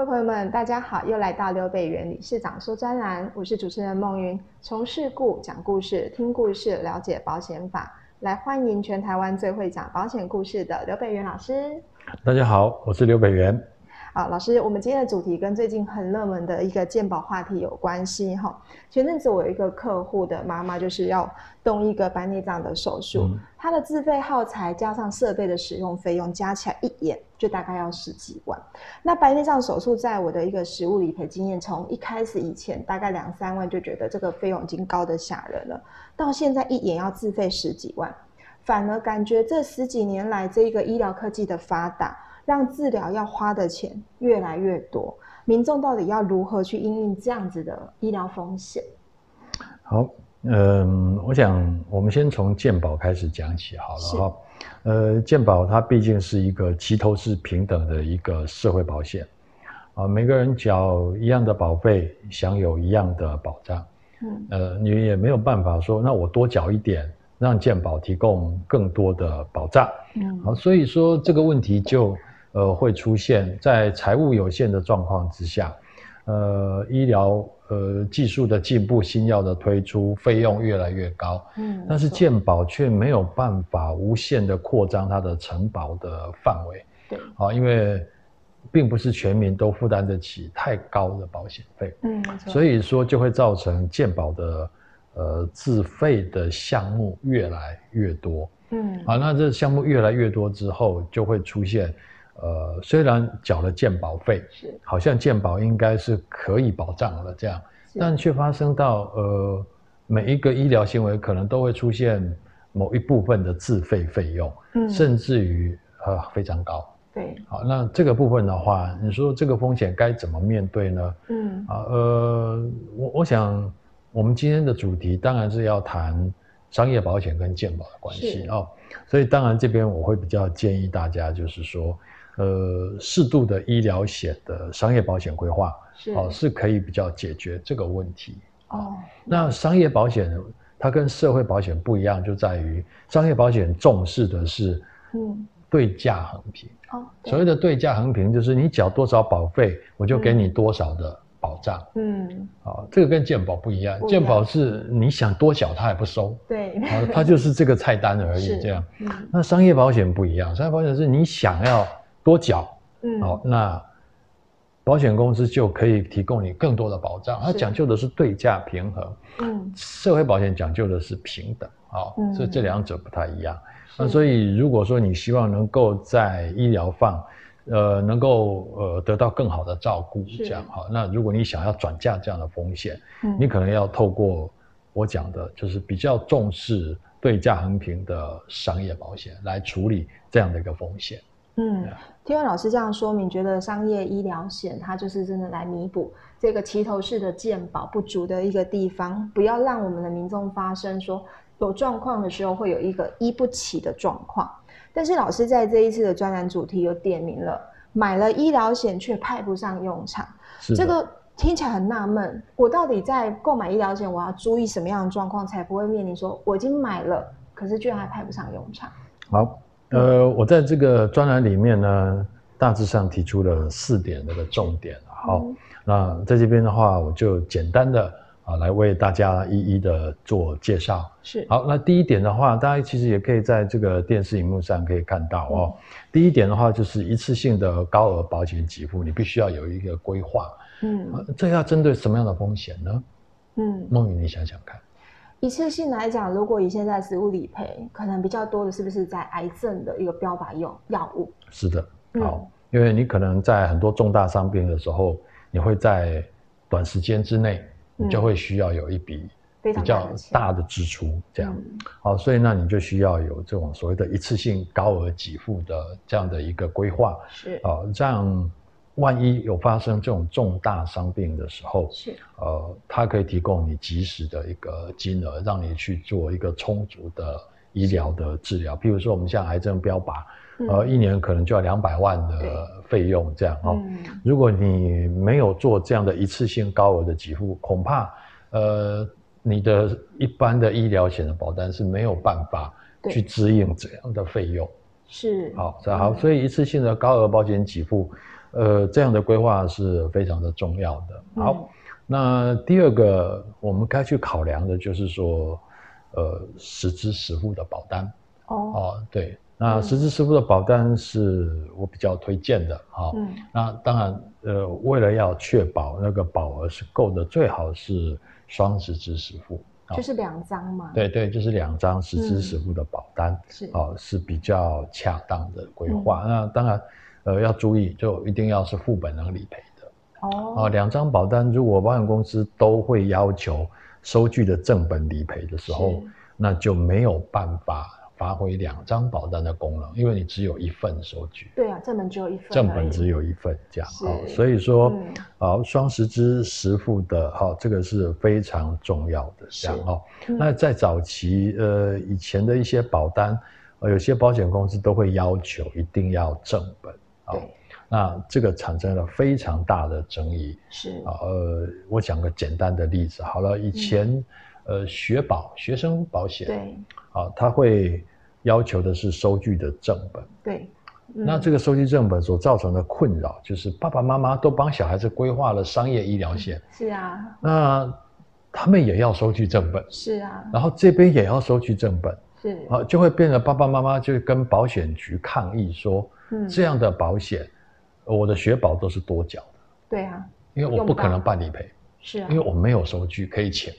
各位朋友們，大家好，又來到劉北元理事長說專欄，我是主持人孟紜，從事故講故事，聽故事，了解保險法，來歡迎全台灣最會講保險故事的劉北元老師。大家好，我是劉北元。好老師，我們今天的主題跟最近很熱門的一個健保話題有關係哈。前陣子我有一個客戶的媽媽就是要動一個白內障的手術，她、嗯、的自費耗材加上設備的使用費用加起來一眼就大概要十幾萬。那白內障手術在我的一個實務理賠經驗，從一開始以前大概兩三萬就覺得這個費用已經高得嚇人了，到現在一眼要自費十幾萬，反而感覺這十幾年來這個醫療科技的發達，讓治療要花的錢越來越多，民眾到底要如何去應對這樣子的醫療風險？好，嗯、呃，我想我們先從健保開始講起好了哈。呃，健保它畢竟是一個齊頭式平等的一個社會保險啊、呃，每個人繳一樣的保費，享有一樣的保障。嗯，呃，你也沒有辦法說，那我多繳一點，讓健保提供更多的保障。嗯，好，所以說這個問題就。呃，會出現在財務有限的狀況之下，呃，醫療呃技術的進步、新藥的推出，費用越來越高。嗯。但是健保卻沒有辦法無限的擴張它的承保的範圍。對。啊，因為並不是全民都負擔得起太高的保險費。嗯。所以說，就會造成健保的呃自費的項目越來越多。嗯。啊，那這項目越來越多之後，就會出現。呃，雖然繳了健保費，是好像健保應該是可以保障了這樣，但卻發生到呃每一個醫療行為可能都會出現某一部分的自費費用，嗯，甚至於呃非常高，對，好，那這個部分的話，你說這個風險該怎麼面對呢？嗯，啊呃，我我想我們今天的主題當然是要談商業保險跟健保的關係哦，所以當然這邊我會比較建議大家就是說。呃，適度的醫療險的商業保險規劃，是哦，是可以比較解決這個問題。哦，那商業保險它跟社會保險不一樣，就在於商業保險重視的是，嗯，對價衡平。哦，所謂的對價衡平，就是你繳多少保費、嗯，我就給你多少的保障。嗯，好、哦，這個跟健保不一樣，不一樣的，健保是你想多繳，他也不收。對，好，它就是這個菜單而已。這樣、嗯，那商業保險不一樣，商業保險是你想要，多繳，嗯，好、哦，那保險公司就可以提供你更多的保障。它講究的是對價平衡，嗯，社會保險講究的是平等，好、哦、嗯，所以這兩者不太一樣。那所以如果說你希望能夠在醫療方，呃，能夠呃得到更好的照顧，這樣好、哦，那如果你想要轉嫁這樣的風險，嗯，你可能要透過我講的，就是比較重視對價平衡的商業保險來處理這樣的一個風險。嗯，yeah. 聽完老師這樣說，你覺得商業醫療險它就是真的來彌補這個齊頭式的健保不足的一個地方，不要讓我們的民眾發生說有狀況的時候會有一個醫不起的狀況。但是老師在這一次的專欄主題又點明了，買了醫療險卻派不上用場，這個聽起來很納悶。我到底在購買醫療險，我要注意什麼樣的狀況，才不會面臨說我已經買了，可是居然還派不上用場？好。呃，我在這個專欄裡面呢，大致上，提出了四點那個重點。好，嗯、那在這邊的話，我就簡單的啊來為大家一一的做介紹。是。好，那第一點的話，大家其實也可以在這個電視熒幕上可以看到哦。嗯、第一點的話，就是一次性的高額保險給付，你必須要有一個規劃。嗯。啊、這要針對什麼樣的風險呢？嗯，孟紜你想想看。一次性來講，如果你現在實務理賠，可能比較多的是不是在癌症的一個標靶用藥物？是的，好，嗯、因為你可能在很多重大傷病的時候，你會在短時間之內，嗯、你就會需要有一筆比較大的支出，這樣，好，所以那你就需要有這種所謂的一次性高額給付的這樣的一個規劃，是，好、哦，這樣。萬一有發生這種重大傷病的時候，是呃，它可以提供你及時的一個金額，讓你去做一個充足的醫療的治療。譬如說，我們像癌症標靶，呃，嗯、一年可能就要兩百萬的費用這樣哈、哦嗯。如果你沒有做這樣的一次性高額的給付，恐怕呃，你的一般的醫療險的保單是沒有辦法去支應這樣的費用、嗯是哦。是好，好、嗯，所以一次性的高額保險給付。呃，這樣的規劃是非常的重要的。好，嗯、那第二個我們該去考量的，就是說，呃，實支實付的保單哦。哦。對，那實支實付的保單是我比較推薦的。好、哦。嗯。那當然，呃，為了要確保那個保額是夠的，最好是雙實支實付、哦。就是兩張嘛。對，對對，就是兩張實支實付的保單。是、嗯。哦，是比較恰當的規劃、嗯。那當然。呃，要注意，就一定要是副本能理賠的、oh. 哦。啊，兩張保單，如果保險公司都會要求收據的正本理賠的時候，那就沒有辦法發揮兩張保單的功能，因為你只有一份收據。對啊，正本只有一份。正本只有一份，這樣、嗯、哦。所以說，好、哦，雙實支實付的，好、哦，這個是非常重要的這，這樣哦、嗯。那在早期，呃，以前的一些保單，呃，有些保險公司都會要求一定要正本。對，那這個產生了非常大的爭議。是啊，呃，我講個簡單的例子。好了，以前、嗯、呃，學保學生保險，對，啊，他會要求的是收據的正本。對，嗯、那這個收據正本所造成的困擾，就是爸爸媽媽都幫小孩子規劃了商業醫療險、嗯。是啊。那他們也要收據正本。是啊。然後這邊也要收據正本。是啊，就會變成爸爸媽媽就跟保險局抗議說。這樣的保險，嗯、我的學保都是多繳的。對啊，因為我不可能辦理賠，是，啊，因為我沒有收據可以請。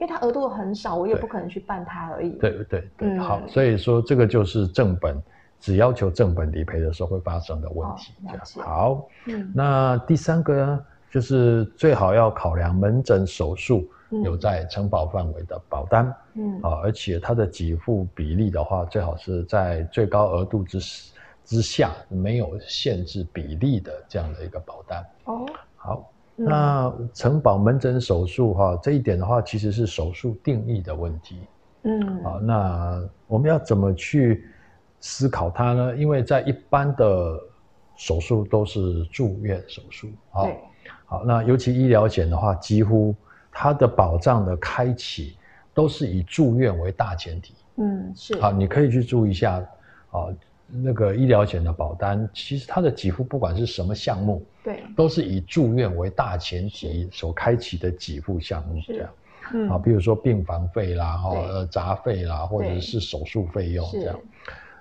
因為它額度很少，我也不可能去辦它而已。對對對、對、嗯，好，所以說這個就是正本，只要求正本理賠的時候會發生的問題。哦、這樣好，嗯，那第三個呢，就是最好要考量門診手術有在承保範圍的保單，嗯啊，而且它的給付比例的話，最好是在最高額度之時。之下沒有限制比例的這樣的一個保單哦。好、嗯，那承保門診手術哈，這一點的話其實是手術定義的問題。嗯好。那我們要怎麼去思考它呢？因為在一般的手術都是住院手術好。好，那尤其醫療險的話，幾乎它的保障的開啟都是以住院為大前提。嗯，是。好，你可以去注意一下，啊。那個醫療險的保單，其實它的給付，不管是什麼項目，嗯、對，都是以住院為大前提所開啟的給付項目這樣、嗯，啊，比如說病房費啦，哈、哦，呃，雜費啦，或者是手術費用這樣。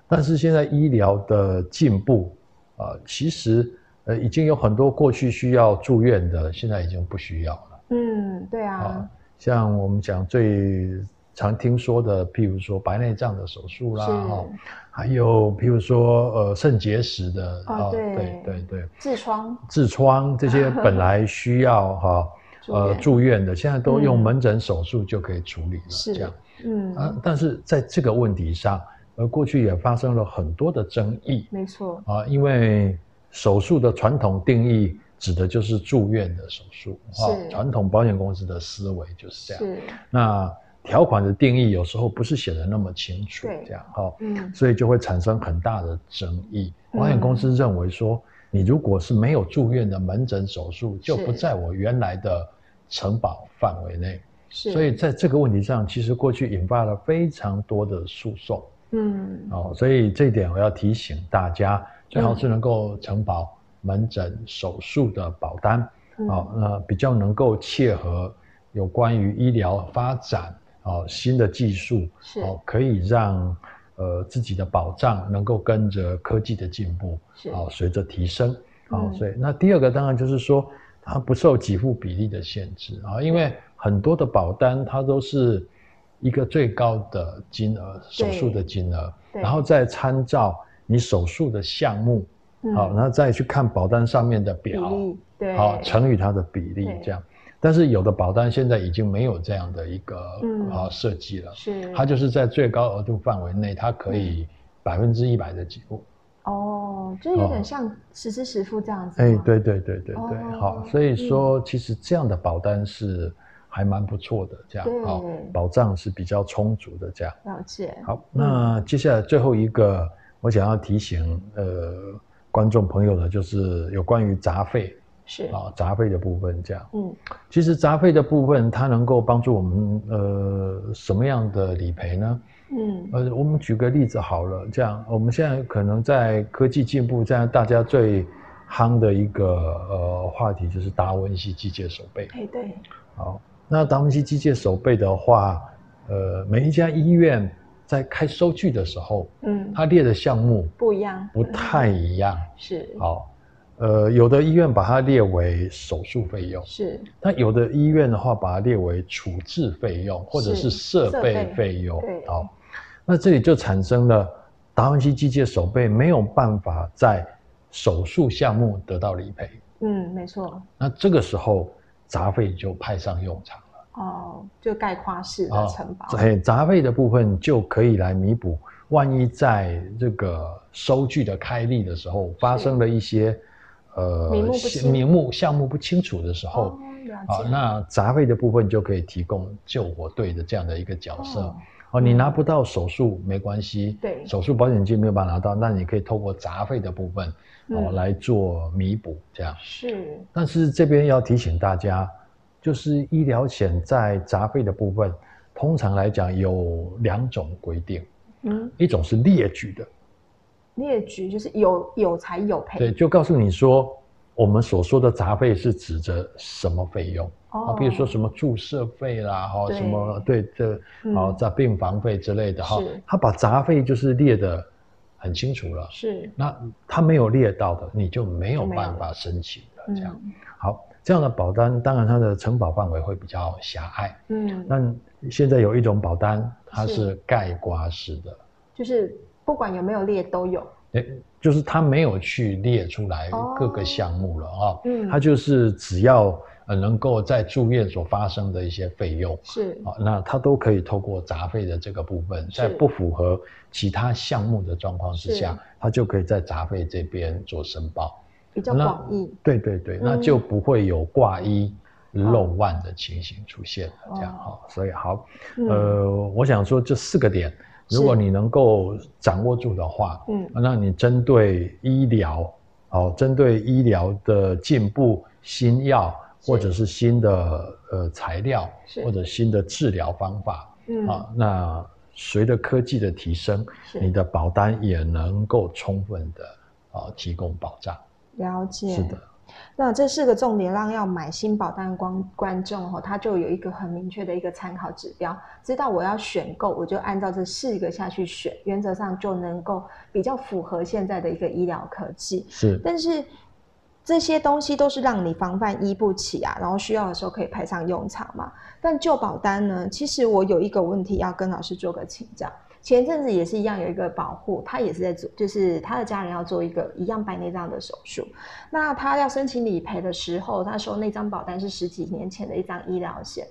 但是現在醫療的進步啊、呃，其實呃，已經有很多過去需要住院的，現在已經不需要了。嗯，對啊，啊像我們講最。常聽說的，譬如說白內障的手術啦，還有譬如說呃腎結石的啊，對對對，痔瘡，痔瘡這些本來需要哈 呃住院，住院的，現在都用門診手術就可以處理了，是、嗯、這樣，嗯、啊，但是在這個問題上，呃，過去也發生了很多的爭議，沒錯，啊，因為手術的傳統定義指的就是住院的手術，啊、哦，傳統保險公司的思維就是這樣，那。條款的定義有時候不是寫的那麼清楚，這樣哈、哦嗯，所以就會產生很大的爭議。保、嗯、險公司認為說，你如果是沒有住院的門診手術，就不在我原來的承保範圍內。所以在這個問題上，其實過去引發了非常多的訴訟。嗯，哦，所以這一點我要提醒大家，最好是能夠承保門診手術的保單、嗯哦，那比較能夠切合有關於醫療發展。哦，新的技術哦，可以讓呃自己的保障能夠跟着科技的進步哦，隨着提升。哦，所以那第二個當然就是說，它不受給付比例的限制啊，因為很多的保單它都是一個最高的金額，手術的金額，然後再參照你手術的項目，好，然後再去看保單上面的表，對，好乘以它的比例這樣。但是有的保單現在已經沒有這樣的一個設計了，嗯、是，它就是在最高額度範圍內，它可以百分之一百的給付哦，就有點像實支實付這樣子。哎、欸，對對對對對、哦，好，所以說其實這樣的保單是還蠻不錯的，這樣啊、嗯，保障是比較充足的這樣。了解。好，那接下來最後一個我想要提醒呃觀眾朋友的就是有關於雜費。是啊、哦，雜費的部分這樣。嗯，其實雜費的部分，它能夠幫助我們呃什麼樣的理賠呢？嗯，呃，我們舉個例子好了，這樣我們現在可能在科技進步這樣，大家最夯的一個呃話題就是達文西機械手臂。哎，對。好，那達文西機械手臂的話，呃，每一家醫院在開收據的時候，嗯，它列的項目不一樣，不太一樣。是、嗯。好。呃，有的醫院把它列為手術費用，是。那有的醫院的話，把它列為處置費用，或者是設備費用設備，對。那這裡就產生了達文西機械手臂沒有辦法在手術項目得到理賠。嗯，沒錯。那這個時候雜費就派上用場了。哦，就概括式的承保。哎、哦欸，雜費的部分就可以來彌補，萬一在這個收據的開立的時候發生了一些。呃，名目項目，目不清楚的時候，啊、哦哦，那雜費的部分就可以提供救火隊的這樣的一個角色。哦，哦你拿不到手術、嗯、沒關係，對，手術保險金沒有辦法拿到，那你可以透過雜費的部分哦、嗯、來做彌補，這樣是。但是這邊要提醒大家，就是醫療險在雜費的部分，通常來講有兩種規定，嗯，一種是列舉的。列舉就是有有才有賠。對，就告訴你說，我們所說的雜費是指着什麼費用、哦、啊？比如說什麼注射費啦，哈，什麼對這然在、嗯啊、病房費之類的哈。他把雜費就是列得很清楚了。是，那他沒有列到的，你就沒有辦法申請了。這樣、嗯、好，這樣的保單當然它的承保範圍會比較狹隘。嗯，那現在有一種保單，它是概括式的，就是。不管有沒有列都有、欸，就是他沒有去列出來各個項目了啊，喔哦，嗯，他就是只要呃能夠在住院所發生的一些費用是、喔、那他都可以透過雜費的這個部分，在不符合其他項目的狀況之下，他就可以在雜費這邊做申報，比較廣義，對對對，嗯，那就不會有掛一漏萬的情形出現了這樣哈、哦喔，所以好，嗯，呃，我想說這四個點。如果你能夠掌握住的話，嗯，那你針對醫療，哦，針對醫療的進步、新藥或者是新的呃材料，是，或者新的治療方法，嗯，啊，那隨着科技的提升，是，你的保單也能夠充分的啊、哦、提供保障。了解。是的。那這四個重點，讓要買新保單的觀眾吼、哦，他就有一個很明確的一個參考指標，知道我要選購，我就按照這四個下去選，原則上就能夠比較符合現在的一個醫療科技。是，但是這些東西都是讓你防範醫不起啊，然後需要的時候可以派上用場嘛。但舊保單呢，其實我有一個問題要跟老師做個請教。前陣子也是一樣，有一個保戶，他也是在做，就是他的家人要做一個一樣白內障的手術。那他要申請理賠的時候，他收那張保單是十幾年前的一張醫療險，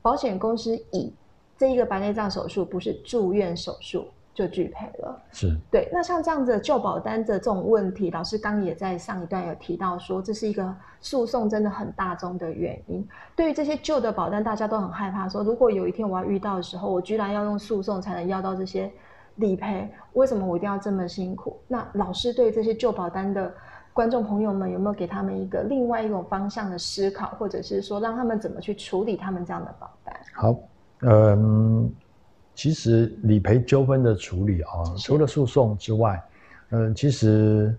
保險公司以這一個白內障手術不是住院手術。就拒賠了，是。是，對。那像這樣子的舊保單的這種問題，老師剛也在上一段有提到說，這是一個訴訟真的很大宗的原因。對於這些舊的保單，大家都很害怕說，說如果有一天我要遇到的時候，我居然要用訴訟才能要到這些理賠，為什麼我一定要這麼辛苦？那老師對這些舊保單的觀眾朋友們，有沒有給他們一個另外一種方向的思考，或者是說讓他們怎麼去處理他們這樣的保單？好，嗯、呃。其實理賠糾紛的處理啊、哦，除了訴訟之外，嗯、呃，其實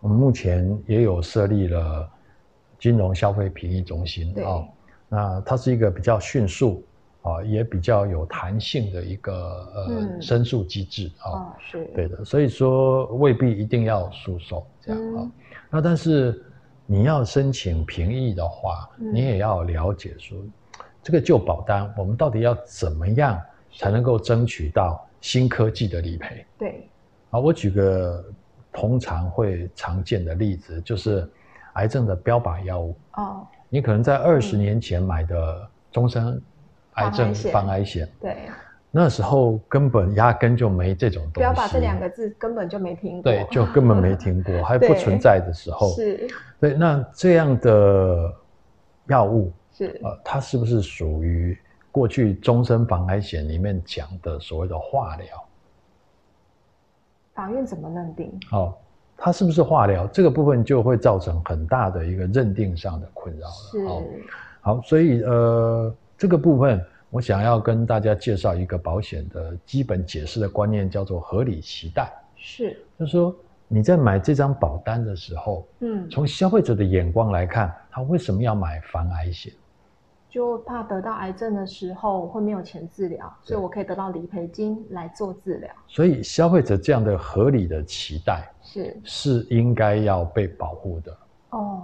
我們目前也有設立了金融消費評議中心啊、哦。那它是一個比較迅速啊、哦，也比較有彈性的一個呃、嗯、申訴機制、哦、啊。是。對的，所以說未必一定要訴訟這樣啊、哦嗯。那但是你要申請評議的話、嗯，你也要了解說這個舊保單我們到底要怎麼樣。才能夠爭取到新科技的理賠。對，啊，我舉個通常會常見的例子，就是癌症的標靶藥物。哦，你可能在二十年前買的終身癌症防、嗯、癌險。對，那時候根本壓根就沒這種東西。標靶這兩個字根本就沒聽過。對，就根本沒聽過， 還不存在的時候。是。對，那這樣的藥物是啊、呃，它是不是屬於？過去終身防癌險裡面講的所謂的化療，法院怎麼認定？好、哦，它是不是化療這個部分就會造成很大的一個認定上的困擾了。是。哦、好，所以呃，這個部分我想要跟大家介紹一個保險的基本解釋的觀念，叫做合理期待。是。就是說你在買這張保單的時候，嗯，從消費者的眼光來看，他為什麼要買防癌險？就怕得到癌症的時候會沒有錢治療，所以我可以得到理賠金來做治療。所以消費者這樣的合理的期待是是應該要被保護的。哦，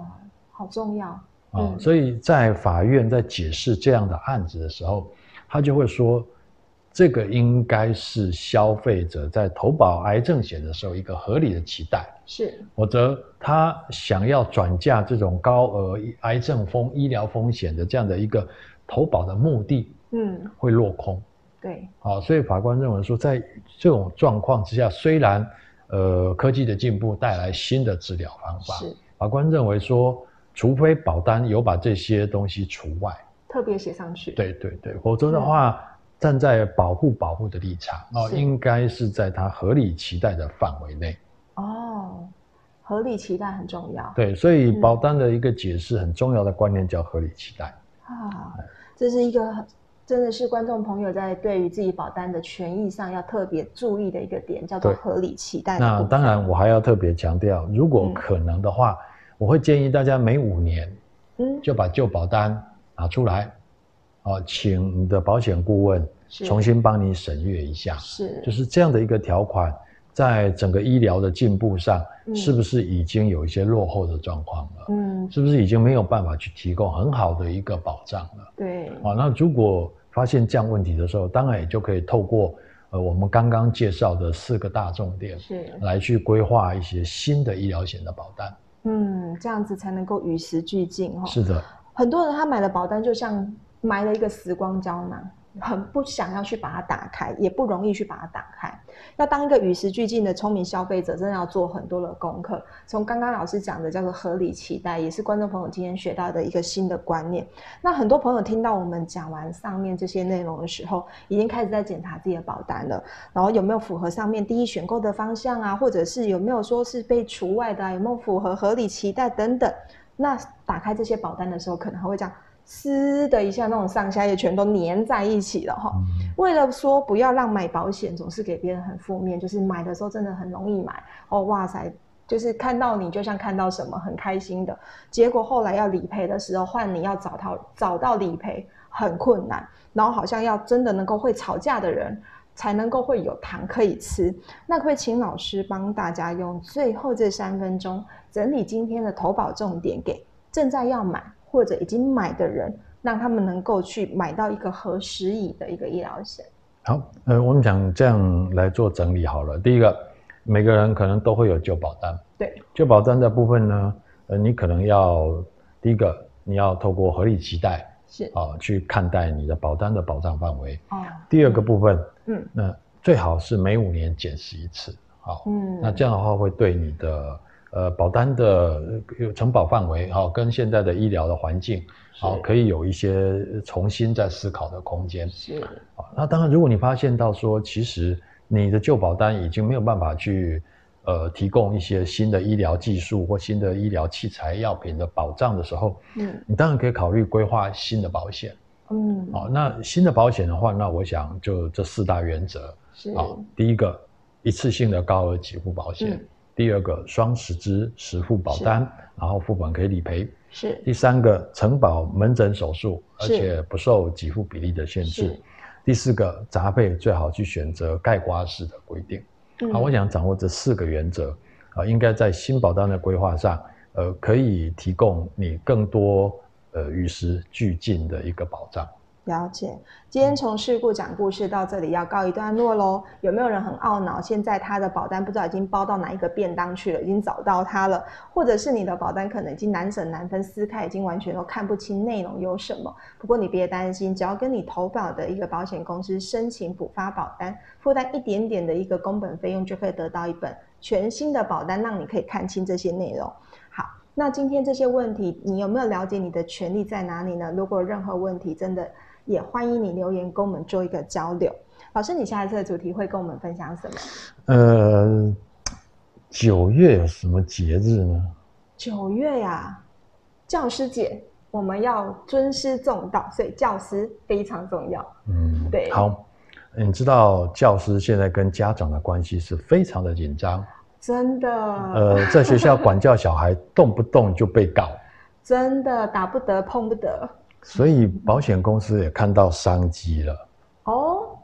好重要啊！哦！所以在法院在解釋這樣的案子的時候，他就會說，這個應該是消費者在投保癌症險的時候一個合理的期待。是，否則他想要轉嫁這種高額癌症風醫療風險的這樣的一個投保的目的，嗯，會落空。對，啊、所以法官認為說，在這種狀況之下，雖然呃科技的進步帶來新的治療方法，是，法官認為說，除非保單有把這些東西除外，特別寫上去，對對對，否則的話，站在保護保護的立場，哦、啊，應該是在他合理期待的範圍內。合理期待很重要。對，所以保單的一個解釋、嗯、很重要的觀念叫合理期待。啊，這是一個真的是觀眾朋友在對於自己保單的權益上要特別注意的一個點，叫做合理期待。那當然，我還要特別強調，如果可能的話，嗯、我會建議大家每五年，嗯，就把舊保單拿出來，哦、嗯，請你的保險顧問重新幫你審閱一下，是，就是這樣的一個條款。在整個醫療的進步上，是不是已經有一些落後的狀況了？嗯，是不是已經沒有辦法去提供很好的一個保障了？對，啊，那如果發現這樣問題的時候，當然也就可以透過呃我們剛剛介紹的四個大重點，是來去規劃一些新的醫療險的保單。嗯，這樣子才能夠與時俱進。是的，很多人他買的保單就像埋了一個時光膠囊。很不想要去把它打開，也不容易去把它打開。要當一個與時俱進的聰明消費者，真的要做很多的功課。從剛剛老師講的叫做合理期待，也是觀眾朋友今天學到的一個新的觀念。那很多朋友聽到我們講完上面這些內容的時候，已經開始在檢查自己的保單了，然後有沒有符合上面第一選購的方向啊，或者是有沒有說是被除外的啊，有沒有符合合理期待等等。那打開這些保單的時候，可能還會這樣。呲的一下，那種上下也全都粘在一起了哈。為了說不要讓買保險總是給別人很負面，就是買的時候真的很容易買哦、喔，哇塞，就是看到你就像看到什麼很開心的。結果後來要理賠的時候，換你要找到找到理賠很困難，然後好像要真的能夠會吵架的人才能夠會有糖可以吃。那會請老師幫大家用最後這三分鐘整理今天的投保重點，給正在要買。或者已經買的人，讓他們能夠去買到一個合時宜的一個醫療險。好，呃，我們想這樣來做整理好了。第一個，每個人可能都會有舊保單。對。舊保單的部分呢，呃，你可能要第一個，你要透過合理期待是啊、哦、去看待你的保單的保障範圍。哦。第二個部分，嗯，那最好是每五年檢視一次，好。嗯。那這樣的話會對你的。呃，保單的有承保範圍好、哦、跟現在的醫療的環境，好、哦，可以有一些重新再思考的空間。是。啊、哦，那當然，如果你發現到說，其實你的舊保單已經沒有辦法去呃提供一些新的醫療技術或新的醫療器材、藥品的保障的時候，嗯，你當然可以考慮規劃新的保險。嗯。好、哦、那新的保險的話，那我想就這四大原則。是。啊、哦，第一個一次性的高額給付保險。嗯第二個雙實支實付保單，然後副本可以理賠。是。第三個承保門診手術，而且不受給付比例的限制。第四個雜費最好去選擇概括式的規定。好，我想掌握這四個原則啊，呃，應該在新保單的規劃上，呃，可以提供你更多呃與時俱進的一個保障。了解，今天從事故講故事到這裡要告一段落嘍。有沒有人很懊惱？現在他的保單不知道已經包到哪一個便當去了？已經找到他了，或者是你的保單可能已經難捨難分，撕開已經完全都看不清內容有什麼？不過你別擔心，只要跟你投保的一個保險公司申請補發保單，負擔一點點的一個工本費用，就可以得到一本全新的保單，讓你可以看清這些內容。好，那今天這些問題，你有沒有了解你的權利在哪裡呢？如果任何問題真的。也歡迎你留言跟我們做一個交流。老師，你下一次的主題會跟我們分享什麼？呃，九月有什麼節日呢？九月呀、啊，教師節，我們要尊師重道，所以教師非常重要。嗯，對。好，你知道教師現在跟家長的關係是非常的緊張，真的。呃，在學校管教小孩，動不動就被告。 真的，打不得，碰不得。所以保險公司也看到商機了。哦，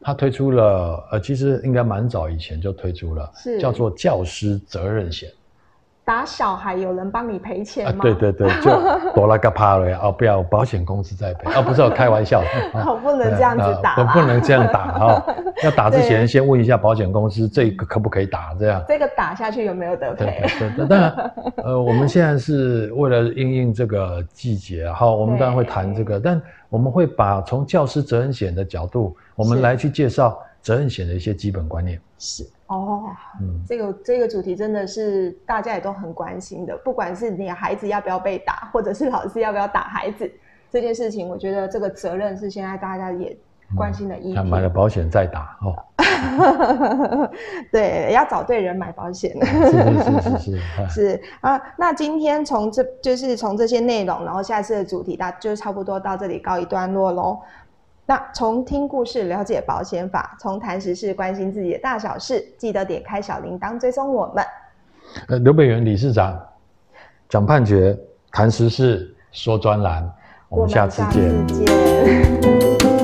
他推出了，呃，其實應該蠻早以前就推出了，是叫做教師責任險。打小孩有人幫你賠錢嗎？啊？對對對，就哆啦噶帕了啊！不要，保險公司在賠啊！哦！不是我開玩笑的、 哦，我不能這樣子打，啊，呃、 我不能這樣打哈，哦，要打之前先問一下保險公司，這個可不可以打？這樣這個打下去有沒有得賠？那當然，呃，我們現在是為了因應這個季節哈，哦，我們當然會談這個，但我們會把從教師責任險的角度，我們來去介紹責任險的一些基本觀念。是。哦、嗯，這個這個主題真的是大家也都很關心的，不管是你孩子要不要被打，或者是老師要不要打孩子這件事情，我覺得這個責任是現在大家也關心的一點。嗯、買了保險再打哦， 對，要找對人買保險。是是是是、是， 是啊，那今天從這就是從這些內容，然後下次的主題大就差不多到這裡告一段落嘍。那從聽故事了解保險法，從談時事關心自己的大小事，記得點開小鈴鐺追蹤我們。呃，劉北元理事長講判決，談時事，說專欄，我們下次見。